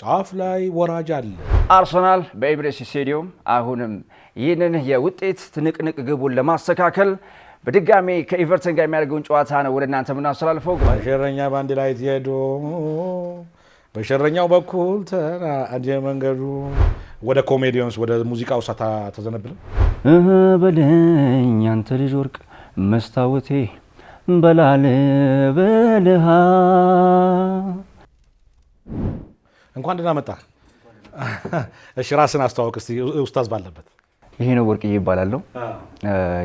ጫፍ ላይ ወራጅ አለ። አርሰናል በኤምሬትስ ስቴዲየም አሁንም ይህንን የውጤት ትንቅንቅ ግቡን ለማስተካከል በድጋሚ ከኢቨርተን ጋር የሚያደርገውን ጨዋታ ነው ወደ እናንተ የምናስተላልፈው። በሸረኛ ባንድ ላይ ትሄዱ በሸረኛው በኩል ተናደ መንገዱ ወደ ኮሜዲዮንስ ወደ ሙዚቃው ሳታ ተዘነብለ በለኝ አንተ ልጅ ወርቅ መስታወቴ በላል በልሃ እንኳን ደህና መጣ። እሺ ራስን አስተዋውቅ እስቲ ኡስታዝ ባለበት። ይሄ ነው ወርቅዬ ይባላለሁ።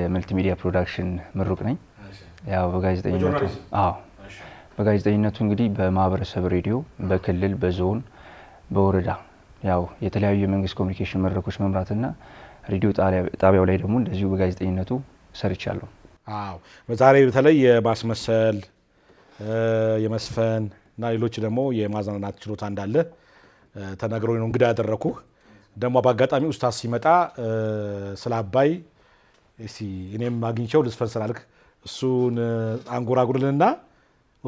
የመልቲሚዲያ ፕሮዳክሽን ምሩቅ ነኝ። ያው በጋዜጠኝነቱ አዎ በጋዜጠኝነቱ እንግዲህ በማህበረሰብ ሬዲዮ በክልል በዞን በወረዳ ያው የተለያዩ የመንግስት ኮሚኒኬሽን መድረኮች መምራትና ሬዲዮ ጣቢያው ላይ ደግሞ እንደዚሁ በጋዜጠኝነቱ ሰርቻለሁ። አዎ በዛሬ በተለይ የማስመሰል የመስፈን እና ሌሎች ደግሞ የማዝናናት ችሎታ እንዳለ ተነግሮ ነው እንግዳ ያደረኩ ደግሞ በአጋጣሚ ኡስታዝ ሲመጣ ስለ አባይ እኔም አግኝቸው ልስፈን ስላልክ እሱን አንጎራጉርልንና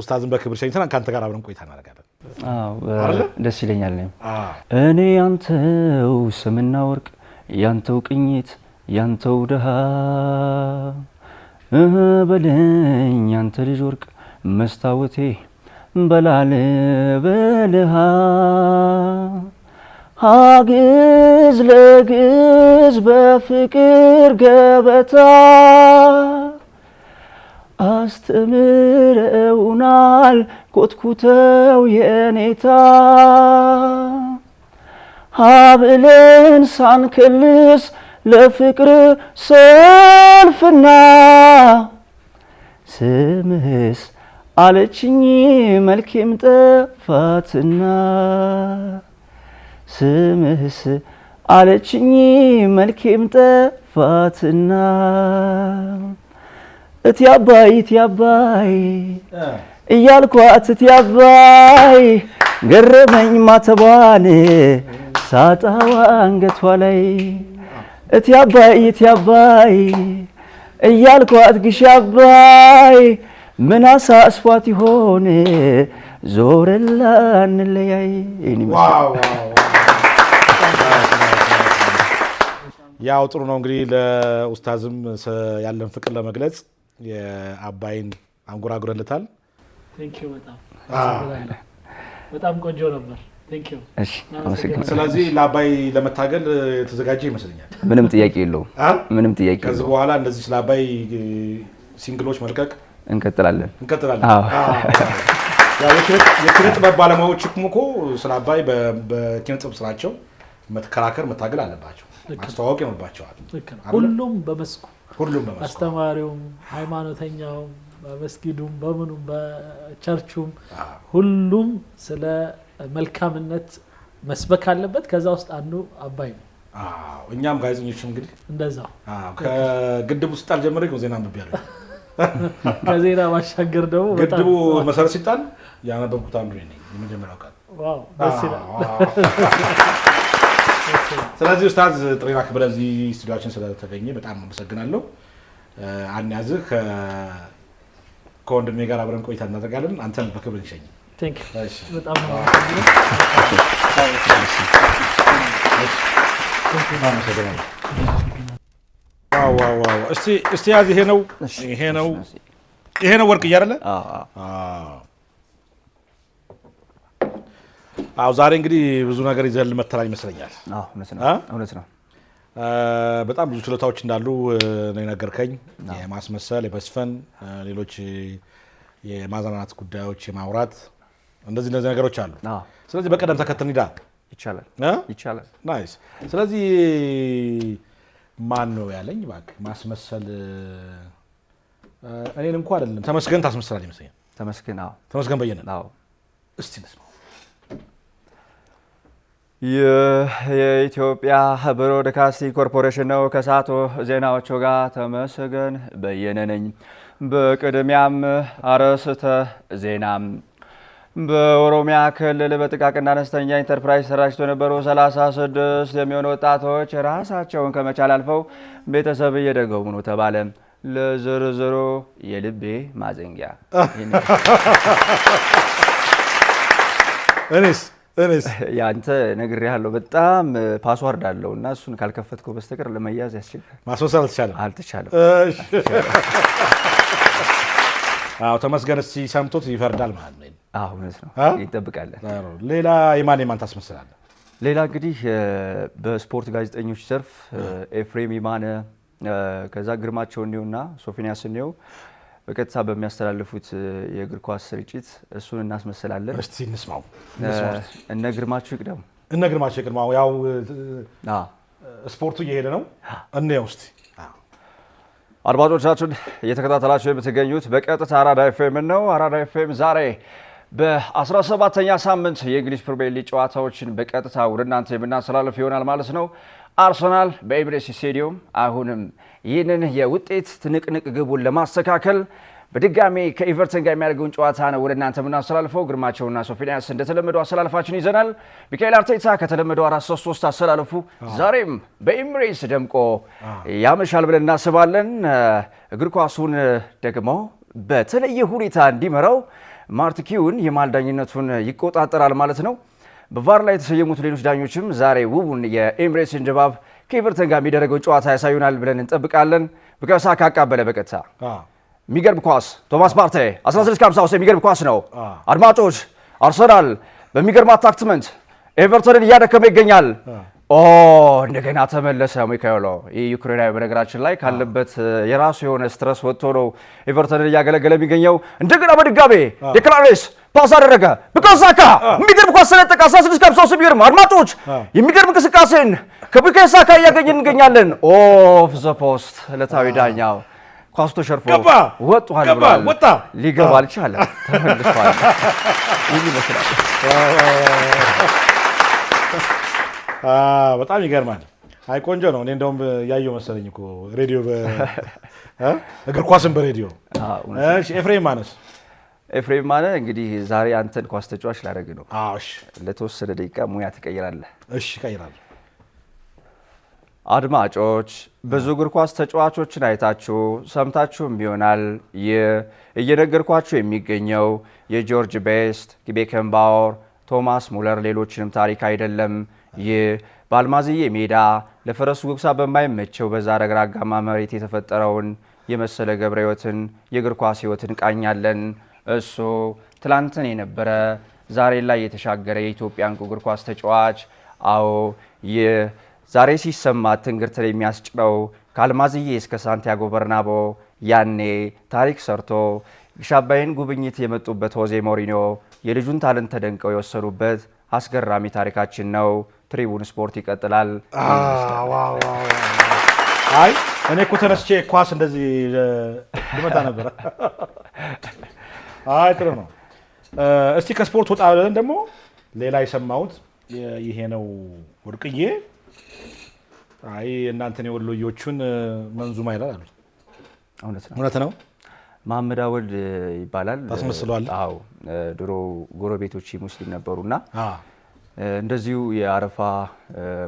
ኡስታዝን በክብር ሸኝተን ከአንተ ጋር አብረን ቆይታ እናደርጋለን። ደስ ይለኛል። እኔ ያንተው ስምና ወርቅ፣ ያንተው ቅኝት፣ ያንተው ድሃ በለኝ ያንተ ልጅ ወርቅ መስታወቴ በላል በልሃ ሀግዝ ለግዝ በፍቅር ገበታ አስተምረውናል ኮትኩተው የኔታ ሀብለን ሳንክልስ ለፍቅር ሰልፍና ስምህስ አለችኝ መልኬም ጠፋትና ስምህስ አለችኝ መልኬም ጠፋትና እቲ አባይ እቲ አባይ እያልኳት እቲ አባይ ገረመኝ ማተቧን ሳጣዋ አንገቷ ላይ እቲ አባይ እቲ አባይ እያልኳት ግሽ አባይ ምን አሳስቧት ይሆን ዞርላ እንለያይ። ያው ጥሩ ነው እንግዲህ ለኡስታዝም ያለን ፍቅር ለመግለጽ የአባይን አንጎራጉረልታል። በጣም ቆንጆ ነበር። ስለዚህ ለአባይ ለመታገል የተዘጋጀ ይመስለኛል። ምንም ጥያቄ የለውም። ምንም ጥያቄ ከዚህ በኋላ እንደዚህ ስለ አባይ ሲንግሎች መልቀቅ እንቀጥላለን እንቀጥላለን። የኪነ ጥበብ ባለሙያዎች እኮ ስለ አባይ በኪነ ጥበብ ስራቸው መከራከር መታገል አለባቸው፣ ማስተዋወቅ ይኖርባቸዋል። ሁሉም በመስኩ ሁሉም በመስኩ አስተማሪውም፣ ሃይማኖተኛውም፣ በመስጊዱም፣ በምኑም፣ በቸርቹም ሁሉም ስለ መልካምነት መስበክ አለበት። ከዛ ውስጥ አንዱ አባይ ነው። እኛም ጋዜጠኞች እንግዲህ እንደዛው ከግድቡ ስጣል ጀምረ ዜና አንብቤያለሁ ከዜና ባሻገር ደግሞ ግድቡ መሰረት ሲጣል ያነበብኩት አንዱ ነኝ፣ የመጀመሪያው ቃል። ስለዚህ ኡስታዝ ጥሬና ክብረ እዚህ ስቱዲዮችን ስለተገኘ በጣም አመሰግናለሁ። አንያዝህ ከወንድሜ ጋር አብረን ቆይታ እናደርጋለን። አንተን በክብር እንሸኝ። በጣም እስቲ ያዝ። ይሄ ነው ይሄ ነው ይሄ ነው ወርቅ እያደለ አዎ። ዛሬ እንግዲህ ብዙ ነገር ይዘል መተላል ይመስለኛል። እውነት ነው። በጣም ብዙ ችሎታዎች እንዳሉ ነው የነገርከኝ። የማስመሰል፣ የመስፈን፣ ሌሎች የማዝናናት ጉዳዮች፣ የማውራት እንደዚህ እንደዚህ ነገሮች አሉ። ስለዚህ በቀደም ተከተል እንሂዳ። ይቻላል። ናይስ። ስለዚህ ማን ነው ያለኝ? እባክህ ማስመሰል እኔን እንኳ አይደለም ተመስገን ታስመስላል ይመስለኛል። ተመስገን አዎ፣ ተመስገን በየነ አዎ። እስቲ እንስማው። የኢትዮጵያ ብሮድካስቲንግ ኮርፖሬሽን ነው። ከሰዓቱ ዜናዎቹ ጋር ተመስገን በየነ ነኝ። በቅድሚያም አርዕስተ ዜናም በኦሮሚያ ክልል በጥቃቅና አነስተኛ ኢንተርፕራይዝ ተራጅቶ የነበሩ 36 የሚሆኑ ወጣቶች ራሳቸውን ከመቻል አልፈው ቤተሰብ እየደገሙ ነው ተባለ። ለዝርዝሩ የልቤ ማዘንጊያ እኔስ እኔስ ያንተ ነግሬሃለሁ። በጣም ፓስዋርድ አለው እና እሱን ካልከፈትከው በስተቀር ለመያዝ ያስቸግራል። ማስወሰድ አልተቻለም አልተቻለም። ተመስገን እስኪ ሰምቶት ይፈርዳል ማለት ነው። እውነት ነው፣ ይጠብቃለን። ሌላ የማን የማን ሌላ እንግዲህ በስፖርት ጋዜጠኞች ዘርፍ ኤፍሬም ይማነ፣ ከዛ ግርማቸው በቀጥታ በሚያስተላልፉት የእግር ኳስ ስርጭት እሱን እናስመስላለን። እስቲ እንስማው። እነ ግርማቸው ይቅደሙ። እነ ግርማቸው ይቅደሙ። ያው ስፖርቱ እየሄደ ነው። እንየው እስቲ። አድማጮቻችን እየተከታተላቸው የምትገኙት በቀጥታ አራዳ ኤፍኤም ነው። አራዳ ኤፍኤም ዛሬ በ 17 ተኛ ሳምንት የእንግሊዝ ፕሪሚየር ሊግ ጨዋታዎችን በቀጥታ ወደ እናንተ የምናስተላልፍ ይሆናል ማለት ነው። አርሰናል በኤምሬትስ ስቴዲየም አሁንም ይህንን የውጤት ትንቅንቅ ግቡን ለማስተካከል በድጋሜ ከኤቨርተን ጋር የሚያደርገውን ጨዋታ ነው ወደ እናንተ የምናስተላልፈው። ግርማቸውና ሶፊንያስ እንደተለመደው አስተላልፋችን ይዘናል። ሚካኤል አርቴታ ከተለመደው አራት ሶስት ሶስት አስተላለፉ ዛሬም በኤምሬትስ ደምቆ ያመሻል ብለን እናስባለን። እግር ኳሱን ደግሞ በተለየ ሁኔታ እንዲመራው ማርትኪውን የመሃል ዳኝነቱን ይቆጣጠራል ማለት ነው። በቫር ላይ የተሰየሙት ሌሎች ዳኞችም ዛሬ ውቡን የኤምሬትስን ድባብ ከኤቨርተን ጋር የሚደረገውን ጨዋታ ያሳዩናል ብለን እንጠብቃለን። ብቀሳ ካቃበለ በቀጥታ የሚገርም ኳስ ቶማስ ፓርቴ 1650 ውስጥ የሚገርም ኳስ ነው። አድማጮች አርሰናል በሚገርም አታክትመንት ኤቨርተንን እያደከመ ይገኛል። ኦ እንደገና ተመለሰ ሚካኤሎ። ይህ ዩክሬናዊ በነገራችን ላይ ካለበት የራሱ የሆነ ስትረስ ወጥቶ ነው ኤቨርተንን እያገለገለ የሚገኘው። እንደገና በድጋሜ ዴክላሬስ ፓስ አደረገ። ብቀሳካ ሳካ የሚገርም ኳስ ሰነጠቀ። 16 ከ ሶስት የሚገርም አድማጮች፣ የሚገርም እንቅስቃሴን ከብቀሳካ ሳካ እያገኘን እንገኛለን። ኦፍ ዘ ፖስት ዕለታዊ ዳኛው ኳስቶ ሸርፎ ወጥቷል ብሏል። ሊገባ አልቻለም። ተመልሷል። ይህ ይመስላል። በጣም ይገርማል። አይ ቆንጆ ነው። እኔ እንደውም ያየሁ መሰለኝ እኮ ሬዲዮ፣ እግር ኳስን በሬዲዮ ኤፍሬም ማነስ ኤፍሬም ማነ እንግዲህ ዛሬ አንተን ኳስ ተጫዋች ላደረግ ነው። ለተወሰነ ደቂቃ ሙያ ትቀይራለህ። እሺ እቀይራለሁ። አድማጮች ብዙ እግር ኳስ ተጫዋቾችን አይታችሁ ሰምታችሁም ይሆናል። ይህ እየነገርኳችሁ የሚገኘው የጆርጅ ቤስት፣ ቤከንባወር ቶማስ ሙለር ሌሎችንም ታሪክ አይደለም። ይህ በአልማዝዬ ሜዳ ለፈረሱ ጉብሳ በማይመቸው በዛ ረግራጋማ መሬት የተፈጠረውን የመሰለ ገብረ ህይወትን የእግር ኳስ ህይወት እንቃኛለን። እሱ ትላንትን የነበረ ዛሬ ላይ የተሻገረ የኢትዮጵያ እንቁ እግር ኳስ ተጫዋች። አዎ ይህ ዛሬ ሲሰማ ትንግርትን የሚያስጭረው ከአልማዝዬ እስከ ሳንቲያጎ በርናቦ ያኔ ታሪክ ሰርቶ ሻባይን ጉብኝት የመጡበት ሆዜ ሞሪኒዮ የልጁን ታለንት ተደንቀው የወሰዱበት አስገራሚ ታሪካችን ነው። ትሪቡን ስፖርት ይቀጥላል። አይ እኔ እኮ ተነስቼ ኳስ እንደዚህ ልመታ ነበረ። አይ ጥሩ ነው። እስቲ ከስፖርት ወጣ ብለን ደግሞ ሌላ የሰማሁት ይሄ ነው ወርቅዬ። አይ እናንተን የወሎዮቹን መንዙማ ይላል አሉ። እውነት ነው። መሐመድ አወል ይባላል። ታስመስለዋል። አዎ ድሮ ጎረቤቶች ሙስሊም ነበሩና እንደዚሁ የአረፋ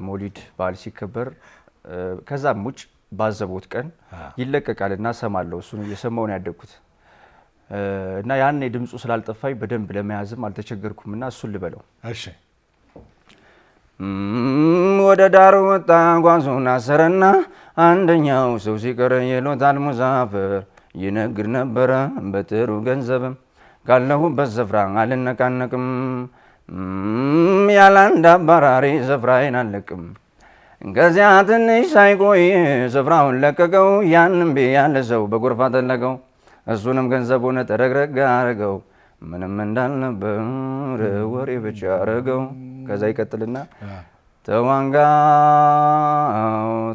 ሞሊድ በዓል ሲከበር ከዛም ውጭ ባዘቦት ቀን ይለቀቃል እና ሰማለሁ። እሱን እየሰማውን ያደግኩት እና ያኔ ድምፁ ስላልጠፋኝ በደንብ ለመያዝም አልተቸገርኩም እና እሱን ልበለው። እሺ ወደ ዳር ወጣ ጓዙን አሰረና አንደኛው ሰው ሲቀር የሎታል ሙዛፍር ይነግር ነበረ በጥሩ ገንዘብ ካለሁበት ስፍራ አልነቃነቅም። ያላንድ አባራሪ ስፍራዬን አልለቅም። ከዚያ ትንሽ ሳይቆይ ስፍራውን ለቀቀው። ያንም ቤ ያለ ሰው በጎርፍ አጠለቀው። እሱንም ገንዘቡን ጠረግረግ አረገው። ምንም እንዳልነበር ወሬ ብቻ አረገው። ከዛ ይቀጥልና ተዋንጋው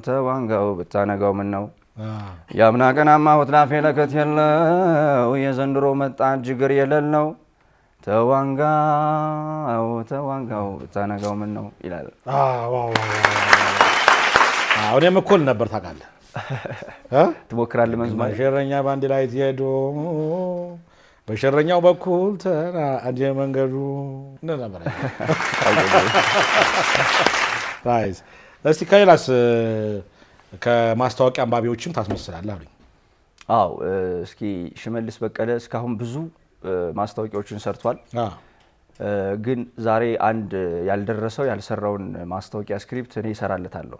ተዋንጋው ብታነጋው ምን ነው የአምና ቀናማ ወትላፌ ለከት የለው የዘንድሮ መጣ ጅግር የለል ነው ተዋንጋው ተዋንጋው ብታነጋው ምን ነው ይላል። እኔም እኮል ነበር ታውቃለህ። ትሞክራለህ መዝሙር ሸረኛ ባንድ ላይ ትሄዶ በሸረኛው በኩል ተራ አዲ መንገዱ ነበር። እስቲ ከሌላስ ከማስታወቂያ አንባቢዎችም ታስመስላለህ አሉኝ። አዎ እስኪ ሽመልስ በቀለ እስካሁን ብዙ ማስታወቂያዎችን ሰርቷል። ግን ዛሬ አንድ ያልደረሰው ያልሰራውን ማስታወቂያ ስክሪፕት እኔ እሰራለታለሁ።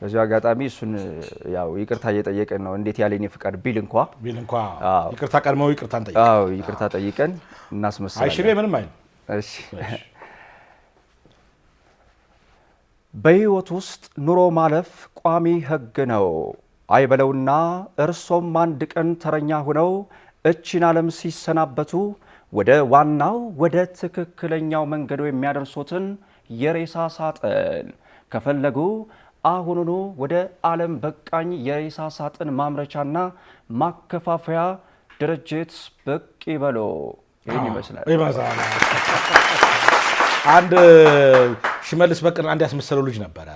በዚሁ አጋጣሚ እሱን ያው ይቅርታ እየጠየቅን ነው። እንዴት ያለ እኔ ፍቃድ ቢል እንኳ ቢል እንኳ ይቅርታ ቀድመው ይቅርታ ጠይቀን እናስመስላለን። አይሽሬ ምንም አይልም። እሺ በሕይወት ውስጥ ኑሮ ማለፍ ቋሚ ሕግ ነው አይበለውና እርሶም አንድ ቀን ተረኛ ሆነው እቺን ዓለም ሲሰናበቱ ወደ ዋናው ወደ ትክክለኛው መንገዶ የሚያደርሶትን የሬሳ ሳጥን ከፈለጉ አሁኑኑ ወደ ዓለም በቃኝ የሬሳ ሳጥን ማምረቻና ማከፋፈያ ድርጅት ብቅ ይበሎ። ይህን ይመስላል። አንድ ሽመልስ በቅር አንድ ያስመሰለው ልጅ ነበረ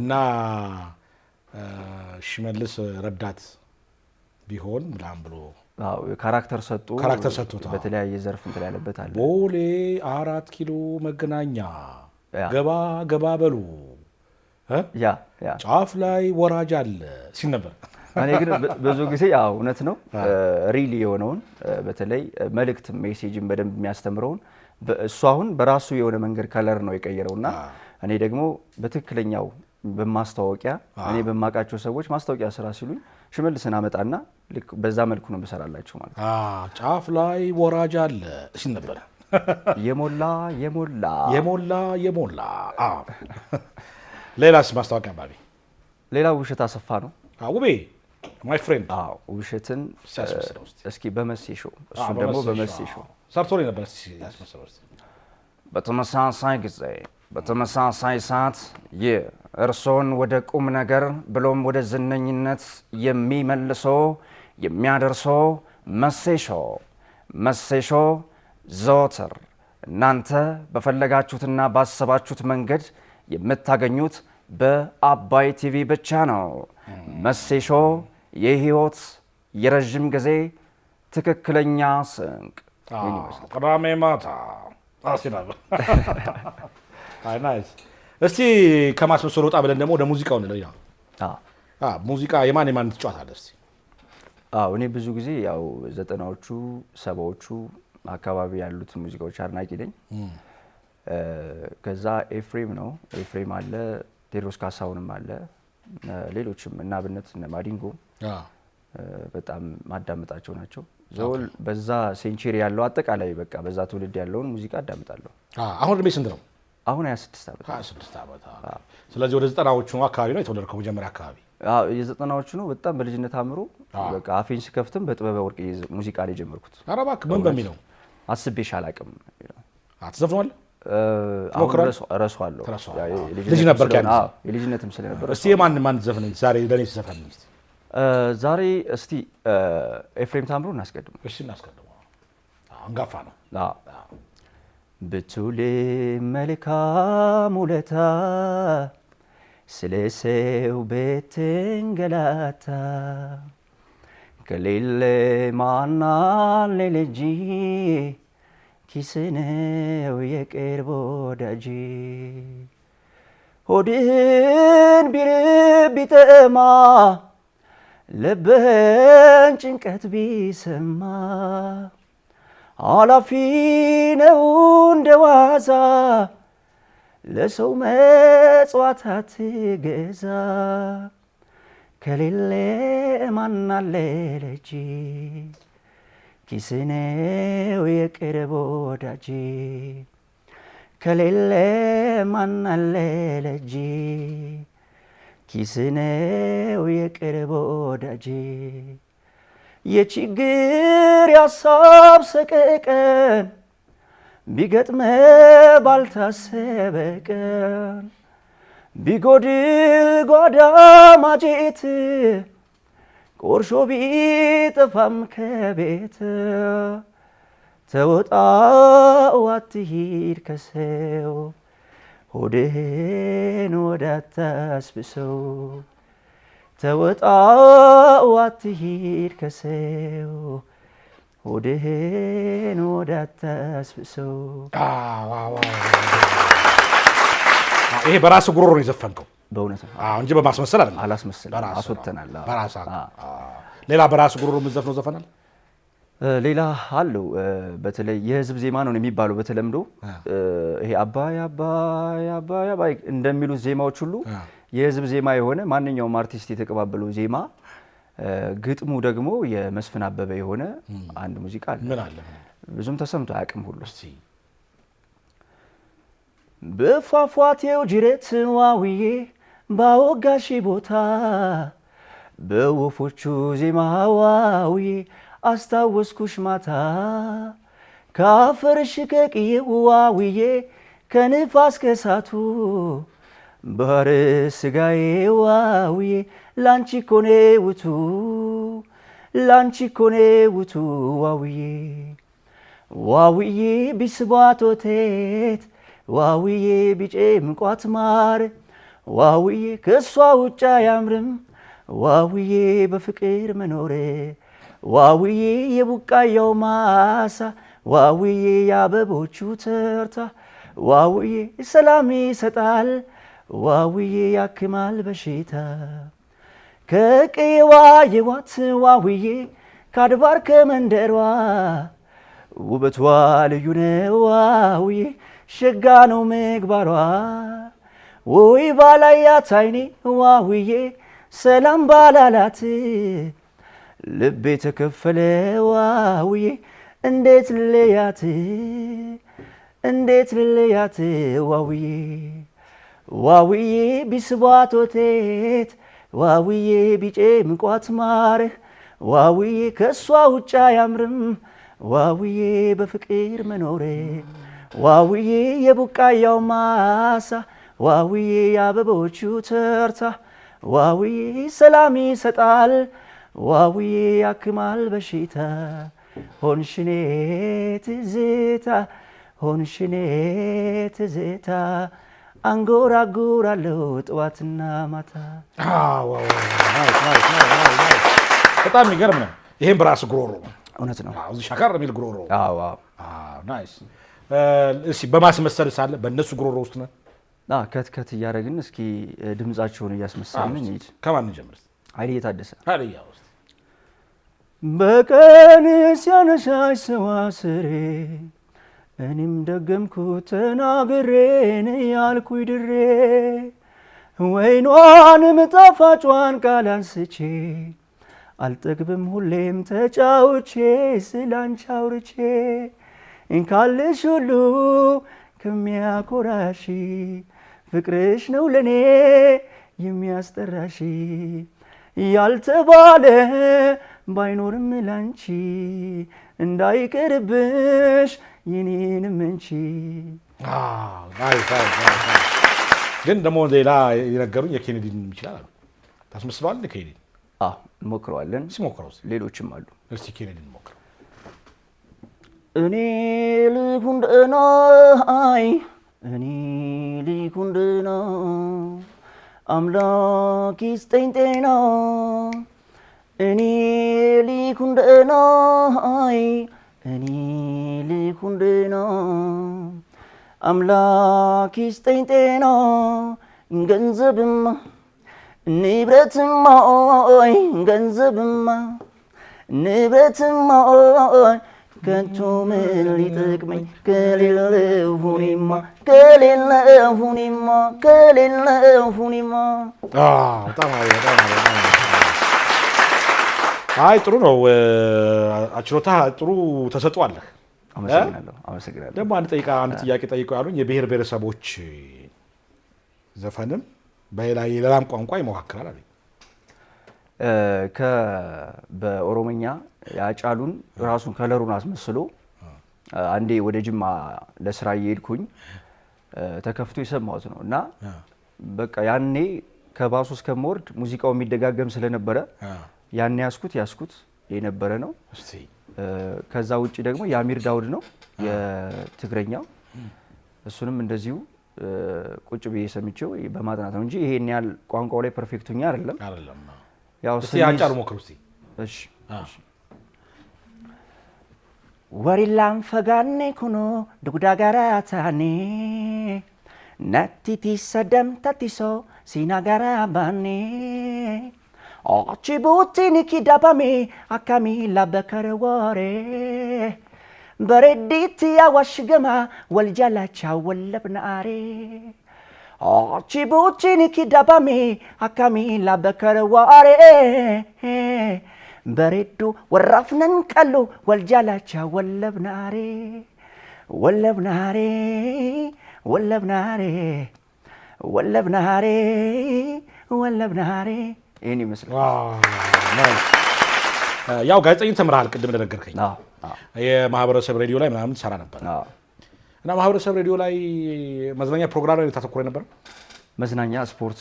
እና ሽመልስ ረዳት ቢሆን ምናምን ብሎ ካራክተር ሰጡ ካራክተር ሰጡታል። በተለያየ ዘርፍ እንትን ያለበት አለ። ቦሌ አራት ኪሎ መገናኛ ገባ ገባ በሉ ጫፍ ላይ ወራጅ አለ ሲል ነበር። እኔ ግን ብዙ ጊዜ ያው እውነት ነው ሪል የሆነውን በተለይ መልእክት ሜሴጅን በደንብ የሚያስተምረውን እሱ አሁን በራሱ የሆነ መንገድ ከለር ነው የቀየረው እና እኔ ደግሞ በትክክለኛው በማስታወቂያ እኔ በማውቃቸው ሰዎች ማስታወቂያ ስራ ሲሉኝ ሽመልስን አመጣና በዛ መልኩ ነው የምሰራላቸው ማለት ነው። ጫፍ ላይ ወራጅ አለ ሲል ነበር የሞላ የሞላ የሞላ የሞላ ሌላስ ማስታወቂያ ባቢ ሌላ ውብሸት አሰፋ ነው ውቤ ማይ ፍሬንድ አዎ ውሸትን እስኪ በመሲ ሾው እሱ ደግሞ በመሲ ሾው ሰርቶ ላይ ነበር ያስመሰለው። በተመሳሳይ ጊዜ በተመሳሳይ ሰዓት ይህ እርሶን ወደ ቁም ነገር ብሎም ወደ ዝነኝነት የሚመልሶ የሚያደርሶ መሴ ሾው መሴ ሾው ዘወትር እናንተ በፈለጋችሁትና ባሰባችሁት መንገድ የምታገኙት በአባይ ቲቪ ብቻ ነው። መሴ ሾው የህይወት የረዥም ጊዜ ትክክለኛ ስንቅ ቅዳሜ ማታ እስቲ ከማስመሰል ወጣ ብለን ደግሞ ወደ ሙዚቃው እንለያ። ሙዚቃ የማን የማን ትጫዋታለ? እስቲ እኔ ብዙ ጊዜ ያው ዘጠናዎቹ ሰባዎቹ አካባቢ ያሉት ሙዚቃዎች አድናቂ ነኝ። ከዛ ኤፍሬም ነው ኤፍሬም አለ ቴድሮስ ካሳሁንም አለ ሌሎችም እና አብነት እነ ማዲንጎ በጣም ማዳመጣቸው ናቸው። ዘውል በዛ ሴንቸሪ ያለው አጠቃላይ በቃ በዛ ትውልድ ያለውን ሙዚቃ አዳምጣለሁ። አሁን እድሜ ስንት ነው? አሁን 26 ዓመት 26 ዓመት። ስለዚህ ወደ ዘጠናዎቹ አካባቢ ነው የተወለድከው? መጀመሪያ አካባቢ የዘጠናዎቹ ነው። በጣም በልጅነት አምሮ በቃ አፌን ስከፍትም በጥበበ ወርቅ ሙዚቃ ላይ ጀመርኩት። ኧረ እባክህ ምን በሚለው አስቤሽ አላቅም። አትዘፍኗል እረሳዋለሁ። ልጅ ነበር የልጅነትም ስለነበር እስቲ የማን ማን ዘፈን ዛሬ ለእኔ ዘፈን ዛሬ እስቲ ኤፍሬም ታምሩ እናስቀድመው። እሺ እናስቀድመው። አንጋፋ ነው። ብቱሌ መልካም ውለታ ስለ ሰው ቤትንገላታ ከሌለ ማናለ ልጅ ኪስነው የቅርብ ወዳጅ ሆድህን ቢርብ ቢጠማ ልብህን ጭንቀት ቢሰማ ኃላፊ ነው እንደ ዋዛ ለሰው መጽዋት አትገዛ ከሌለ ማናለ ኪስኔው የቅርብ ወዳጅ ከሌለ ማናለ ለእጅ ኪስኔው የቅርብ ወዳጅ የችግር ያሳብ ሰቀቀን ቢገጥመ ባልታሰበ ቀን ቢጎድል ጓዳ ማጀት ቁርሾ ቢጠፋም ከቤት ተወጣው አትሂድ ከሰው ሆድህን ወዳታስብሰው ተወጣው አትሂድ ከሰው ሆድህን ወዳታስብሰው። ይሄ በራስ ጉሮሮ ነው የዘፈንከው። በእውነት እንጂ በማስመሰል አይደለም። አላስመሰልም፣ አስወጥተናል። ሌላ በራስ ጉሮሮ የምትዘፍነው ዘፈናል ሌላ አለው። በተለይ የህዝብ ዜማ ነው የሚባለው በተለምዶ ይሄ አባይ አባይ አባይ አባይ እንደሚሉት ዜማዎች ሁሉ የህዝብ ዜማ የሆነ ማንኛውም አርቲስት የተቀባበለው ዜማ ግጥሙ ደግሞ የመስፍን አበበ የሆነ አንድ ሙዚቃ አለ። ብዙም ተሰምቶ አያውቅም ሁሉ በፏፏቴው ጅረት ዋውዬ ባወጋሽ ቦታ በወፎቹ ዜማ ዋውዬ አስታወስኩሽ ማታ ከአፈርሽ ከቅዬ ዋውዬ ከንፋስ ከሳቱ ባህር ስጋዬ ዋውዬ ላንቺ ኮኔ ውቱ ላንቺ ኮኔ ውቱ ዋውዬ ዋውዬ ቢስባቶቴት ዋውዬ ቢጬ ምቋት ማር ዋውዬ ከእሷ ውጭ አያምርም ዋውዬ በፍቅር መኖሬ ዋውዬ የቡቃያው ማሳ ዋውዬ የአበቦቹ ተርታ ዋውዬ ሰላም ይሰጣል ዋውዬ ያክማል በሽታ ከቅዋ የዋት ዋውዬ ካድባር ከመንደሯ ውበቷ ልዩ ነው ዋውዬ ሸጋ ነው ምግባሯ ውይ ባላያት አይኔ ዋውዬ ሰላም ባላላት ልቤ ተከፈለ ዋውዬ እንዴት ልለያት እንዴት ልለያት ዋውዬ ዋውዬ ቢስባት ወቴት ዋውዬ ቢጬ ምቋት ማር ዋውዬ ከእሷ ውጭ አያምርም ዋውዬ በፍቅር መኖሬ ዋውዬ የቡቃያው ማሳ ዋውዬ የአበቦቹ ተርታ ዋውዬ ሰላም ይሰጣል ዋውዬ ያክማል በሽታ ሆንሽኔ ትዝታ ሆንሽኔ ትዝታ አንጎራጉራለሁ ጠዋትና ማታ። በጣም የሚገርም ነው። ይሄም በራስ ጉሮሮ እውነት ነው። ሻካር የሚል ጉሮሮ ናይስ። በማስመሰል ሳለ በእነሱ ጉሮሮ ውስጥ ነው ከትከት እያደረግን እስኪ ድምጻቸውን እያስመሰልን እንሂድ። ከማን ጀምር? ኃይሌ የታደሰ በቀን ሲያነሻሽ ሰዋስሬ እኔም ደገምኩ ተናግሬ ያልኩ ድሬ ወይኗንም ጣፋጯን ቃል አንስቼ አልጠግብም ሁሌም ተጫውቼ ስላንቺ አውርቼ እንካልሽ ሁሉ ከሚያኮራሽ ፍቅርሽ ነው ለእኔ የሚያስጠራሽ ያልተባለ ባይኖርም ላንቺ እንዳይቀርብሽ የኔንም እንቺ። ግን ደግሞ ሌላ የነገሩኝ የኬኔዲን ይችላል አሉ። ታስመስለዋል ኬኔዲን እንሞክረዋለን። ሲሞክረው ሌሎችም አሉ። እስኪ ኬኔዲን ሞክረው እኔ ልሁን ደህና አይ እኔ ሊኩንድና አምላክ ይስጠኝ ጤና እኔ ሊኩንድና አይ እኔ ሊኩንድና አምላክ ይስጠኝ ጤና ገንዘብማ ንብረትማ ገንዘብማ ንብረትማ ከቶ ምን ሊጠቅመኝ ከሌለው ሁኔማ ከሌለው ሁኔማ ከሌለው ሁኔማ። አይ ጥሩ ነው አችሎታ ጥሩ ተሰጥኦ አለህ። ደግሞ አንድ ጠይቃ አንድ ጥያቄ ጠይቀው ያሉኝ የብሔር ብሔረሰቦች ዘፈንም በሌላም ቋንቋ ይሞካክራል በኦሮምኛ ያጫሉን ራሱን ከለሩን አስመስሎ አንዴ ወደ ጅማ ለስራ እየሄድኩኝ ተከፍቶ የሰማሁት ነው እና በቃ ያኔ ከባሱ እስከምወርድ ሙዚቃው የሚደጋገም ስለነበረ ያኔ ያስኩት ያስኩት የነበረ ነው። ከዛ ውጭ ደግሞ የአሚር ዳውድ ነው የትግረኛው። እሱንም እንደዚሁ ቁጭ ብዬ ሰምቼው በማጥናት ነው እንጂ ይሄን ያህል ቋንቋው ላይ ፐርፌክቱኛ አይደለም። ያው ያጫሉ ሞክሩ እሺ Warillaan fagaanne kunoo dugda garaa taane natti tissa damta tisoo siinaa garaa baanne Jibuutiin kidabame akkamii labba kara woore bareeddiitti awaash gama wal jalaachaa wal labnaare. Jibuutiin kidabame akkamii labba kara woore. በሬዱ ወራፍነን ቀሉ ወልጃላቻ ወለብናሬ ወለብናሬ ወለብናሬ ወለብናሬ ወለብናሬ ይህን ይመስላል። ያው ጋዜጠኝነት ተምረሃል፣ ቅድም እንደነገርከኝ የማህበረሰብ ሬዲዮ ላይ ምናምን ትሰራ ነበር እና ማህበረሰብ ሬዲዮ ላይ መዝናኛ ፕሮግራም ላይ ታተኩረ ነበር። መዝናኛ ስፖርት፣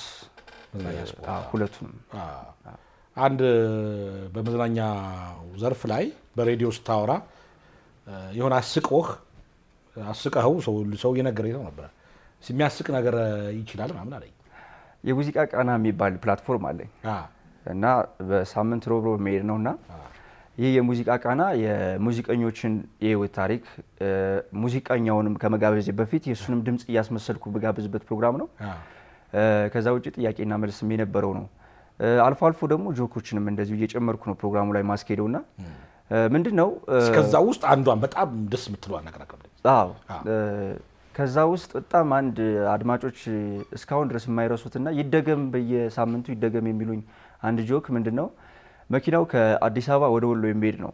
ሁለቱም አንድ በመዝናኛ ዘርፍ ላይ በሬዲዮ ስታወራ የሆነ አስቆህ አስቀኸው ሰው እየነገረ ይዘው ነበረ የሚያስቅ ነገር ይችላል ምናምን አለኝ። የሙዚቃ ቃና የሚባል ፕላትፎርም አለኝ እና በሳምንት ሮብሮ መሄድ ነው እና ይህ የሙዚቃ ቃና የሙዚቀኞችን የህይወት ታሪክ ሙዚቀኛውንም ከመጋበዝ በፊት የእሱንም ድምፅ እያስመሰልኩ በጋበዝበት ፕሮግራም ነው። ከዛ ውጭ ጥያቄና መልስም የነበረው ነው። አልፎ አልፎ ደግሞ ጆኮችንም እንደዚሁ እየጨመርኩ ነው ፕሮግራሙ ላይ ማስኬደው ና ምንድን ነው ውስጥ አንዷን በጣም ደስ የምትለው ነገር አዎ ከዛ ውስጥ በጣም አንድ አድማጮች እስካሁን ድረስ የማይረሱትና ይደገም በየሳምንቱ ይደገም የሚሉኝ አንድ ጆክ ምንድን ነው መኪናው ከአዲስ አበባ ወደ ወሎ የሚሄድ ነው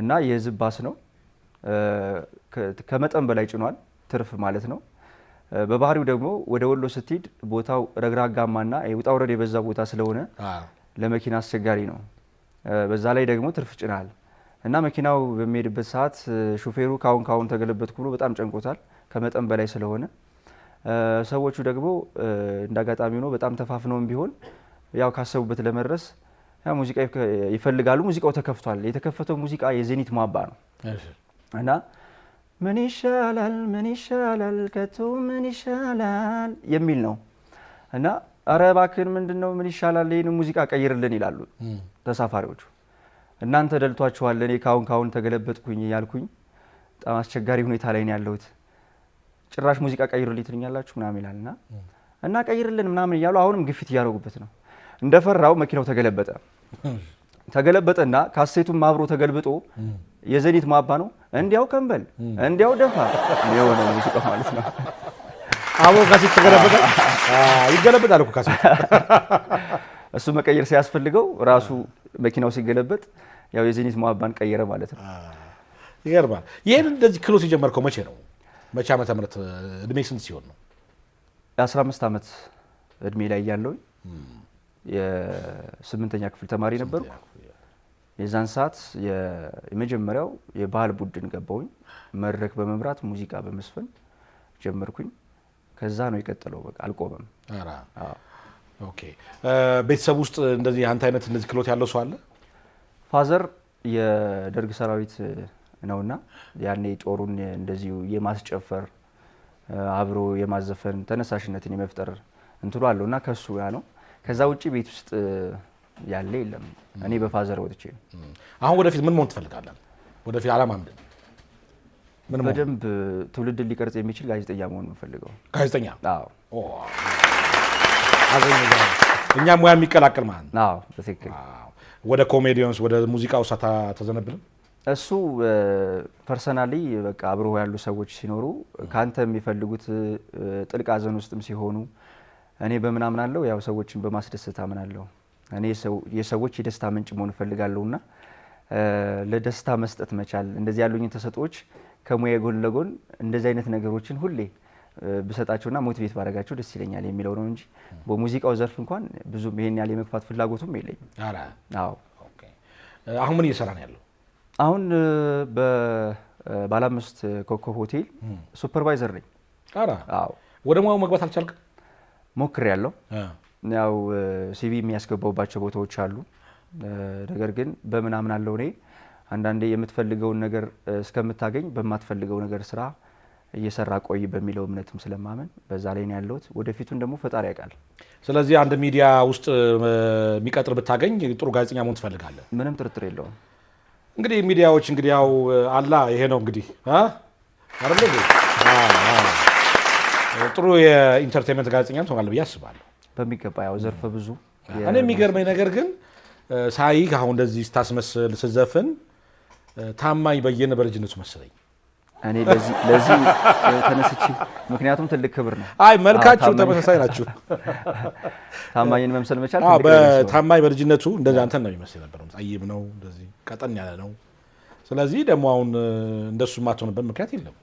እና የህዝብ ባስ ነው። ከመጠን በላይ ጭኗል፣ ትርፍ ማለት ነው። በባህሪው ደግሞ ወደ ወሎ ስትሄድ ቦታው ረግራጋማና ውጣ ውረድ የበዛ ቦታ ስለሆነ ለመኪና አስቸጋሪ ነው። በዛ ላይ ደግሞ ትርፍ ጭናል እና መኪናው በሚሄድበት ሰዓት ሹፌሩ ካሁን ካሁን ተገለበጥኩ ብሎ በጣም ጨንቆታል ከመጠን በላይ ስለሆነ። ሰዎቹ ደግሞ እንደ አጋጣሚ ሆኖ በጣም ተፋፍነውም ቢሆን ያው ካሰቡበት ለመድረስ ሙዚቃ ይፈልጋሉ። ሙዚቃው ተከፍቷል። የተከፈተው ሙዚቃ የዜኒት ማባ ነው እና ምን ይሻላል ምን ይሻላል ከቶ ምን ይሻላል የሚል ነው እና ኧረ እባክህን ምንድን ነው ምን ይሻላል ይህን ሙዚቃ ቀይርልን ይላሉ ተሳፋሪዎቹ። እናንተ ደልቷችኋል፣ እኔ ካሁን ካሁን ተገለበጥኩኝ ያልኩኝ በጣም አስቸጋሪ ሁኔታ ላይ ነው ያለሁት፣ ጭራሽ ሙዚቃ ቀይርልኝ ትልኛላችሁ ምናምን ይላል እና እና ቀይርልን ምናምን እያሉ አሁንም ግፊት እያደረጉበት ነው። እንደፈራው መኪናው ተገለበጠ። ተገለበጠና ካሴቱም አብሮ ተገልብጦ የዘኒት ማባ ነው። እንዲያው ከንበል እንዲያው ደፋ የሆነ ሙዚቃ ማለት ነው። አቦ ካሴት ተገለበጠ፣ ይገለበጣል እኮ ካሴት። እሱ መቀየር ሲያስፈልገው ራሱ መኪናው ሲገለበጥ ያው የዘኒት ማባን ቀየረ ማለት ነው። ይገርማል። ይህን እንደዚህ ክሎስ የጀመርከው መቼ ነው? መቼ ዓመተ ምህረት እድሜ ስንት ሲሆን ነው? የአስራ አምስት ዓመት እድሜ ላይ ያለውኝ የስምንተኛ ክፍል ተማሪ ነበርኩ። የዛን ሰዓት የመጀመሪያው የባህል ቡድን ገባውኝ። መድረክ በመምራት ሙዚቃ በመስፈን ጀመርኩኝ። ከዛ ነው የቀጠለው። በቃ አልቆመም። ኦኬ። ቤተሰብ ውስጥ እንደዚህ አንተ አይነት እንደዚህ ክሎት ያለው ሰው አለ? ፋዘር የደርግ ሰራዊት ነውና ያኔ ጦሩን እንደዚሁ የማስጨፈር አብሮ የማዘፈን ተነሳሽነትን የመፍጠር እንትሉ አለው እና ከሱ ያ ነው። ከዛ ውጭ ቤት ውስጥ ያለ የለም። እኔ በፋዘር ወጥቼ ነው። አሁን ወደፊት ምን መሆን ትፈልጋለን? ወደፊት አላማ ምንድን ነው? በደንብ ትውልድ ሊቀርጽ የሚችል ጋዜጠኛ መሆን የምፈልገው ጋዜጠኛ። እኛ ሙያ የሚቀላቅል ማለት ነው። በትክክል ወደ ኮሜዲየንስ ወደ ሙዚቃ ውሳ ተዘነብልም እሱ ፐርሰናሊ በቃ አብሮ ያሉ ሰዎች ሲኖሩ ከአንተ የሚፈልጉት ጥልቅ አዘን ውስጥም ሲሆኑ እኔ በምን አምናለሁ? ያው ሰዎችን በማስደሰት አምናለሁ። እኔ የሰዎች የደስታ ምንጭ መሆን እፈልጋለሁና ለደስታ መስጠት መቻል እንደዚህ ያሉኝን ተሰጦዎች ከሙያ ጎን ለጎን እንደዚህ አይነት ነገሮችን ሁሌ ብሰጣቸውና ቤት ባረጋቸው ደስ ይለኛል የሚለው ነው እንጂ በሙዚቃው ዘርፍ እንኳን ብዙ ይሄን ያህል የመግፋት ፍላጎቱም የለኝም። አዎ። አሁን ምን እየሰራ ነው ያለው? አሁን በባለ አምስት ኮከብ ሆቴል ሱፐርቫይዘር ነኝ። አዎ። ወደ ሙያው መግባት አልቻልክም? ሞክር ያለው ያው ሲቪ የሚያስገባባቸው ቦታዎች አሉ። ነገር ግን በምናምን አለው እኔ አንዳንዴ የምትፈልገውን ነገር እስከምታገኝ በማትፈልገው ነገር ስራ እየሰራ ቆይ በሚለው እምነትም ስለማመን በዛ ላይ ነው ያለሁት። ወደፊቱን ደግሞ ፈጣሪ ያውቃል። ስለዚህ አንድ ሚዲያ ውስጥ የሚቀጥር ብታገኝ ጥሩ ጋዜጠኛ መሆን ትፈልጋለህ? ምንም ጥርጥር የለውም። እንግዲህ ሚዲያዎች እንግዲህ ያው አላ ይሄ ነው እንግዲህ ጥሩ የኢንተርቴንመንት ጋዜጠኛ ትሆናለህ ብዬ አስባለሁ። በሚገባ ያው ዘርፈ ብዙ እኔ የሚገርመኝ ነገር ግን ሳይህ አሁን እንደዚህ ስታስመስል ስዘፍን ታማኝ በየነ በልጅነቱ መሰለኝ። እኔ ለዚህ ተነስቺ ምክንያቱም ትልቅ ክብር ነው። አይ መልካችሁ ተመሳሳይ ናችሁ። ታማኝን መምሰል መቻል ታማኝ በልጅነቱ እንደዚህ አንተን ነው የሚመስል ነበር። ጠይብ ነው፣ እንደዚህ ቀጠን ያለ ነው። ስለዚህ ደግሞ አሁን እንደሱ ማትሆንበት ምክንያት የለም።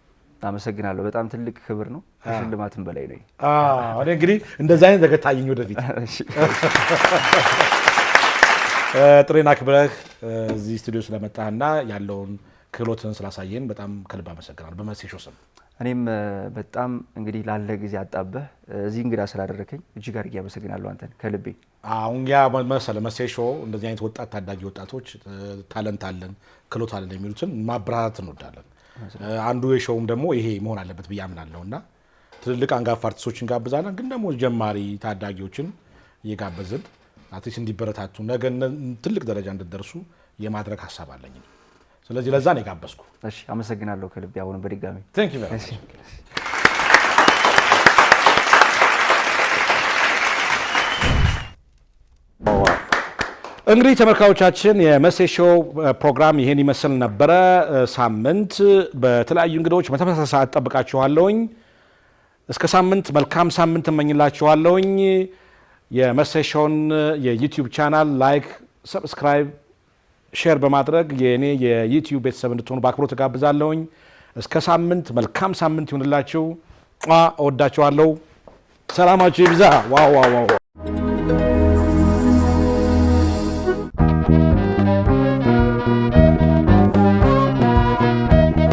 አመሰግናለሁ። በጣም ትልቅ ክብር ነው። ከሽልማትም በላይ ነው። እኔ እንግዲህ እንደዚህ አይነት ነገር ወደፊት ጥሬና ክብረህ እዚህ ስቱዲዮ ስለመጣህና ያለውን ክህሎትን ስላሳየን በጣም ከልብ አመሰግናለሁ። በመሴሾ ስም እኔም በጣም እንግዲህ ላለ ጊዜ አጣበህ እዚህ እንግዳ ስላደረከኝ እጅግ አድርጌ አመሰግናለሁ አንተን ከልቤ። አሁን ያ መሰለ መሴሾ እንደዚህ አይነት ወጣት ታዳጊ ወጣቶች ታለንት አለን ክህሎት አለን የሚሉትን ማብራራት እንወዳለን። አንዱ የሸውም ደግሞ ይሄ መሆን አለበት ብዬ አምናለሁ እና ትልልቅ አንጋፋ አርቲስቶችን እንጋብዛለን፣ ግን ደግሞ ጀማሪ ታዳጊዎችን እየጋበዝን አርቲስት እንዲበረታቱ ነገ ትልቅ ደረጃ እንድደርሱ የማድረግ ሀሳብ አለኝ። ስለዚህ ለዛ ነው የጋበዝኩ። አመሰግናለሁ ከልቤ አሁን በድጋሚ ቴንክ ዩ እንግዲህ ተመልካዮቻችን የመሴ ሾው ፕሮግራም ይሄን ይመስል ነበረ። ሳምንት በተለያዩ እንግዶች በተመሳሳይ ሰዓት ጠብቃችኋለሁኝ። እስከ ሳምንት መልካም ሳምንት እመኝላችኋለሁኝ። የመሴ ሾውን የዩቲዩብ ቻናል ላይክ፣ ሰብስክራይብ፣ ሼር በማድረግ የእኔ የዩቲዩብ ቤተሰብ እንድትሆኑ በአክብሮ ተጋብዛለሁኝ። እስከ ሳምንት መልካም ሳምንት ይሁንላችሁ። እወዳችኋለሁ። ሰላማችሁ ይብዛ። ዋው ዋው ዋው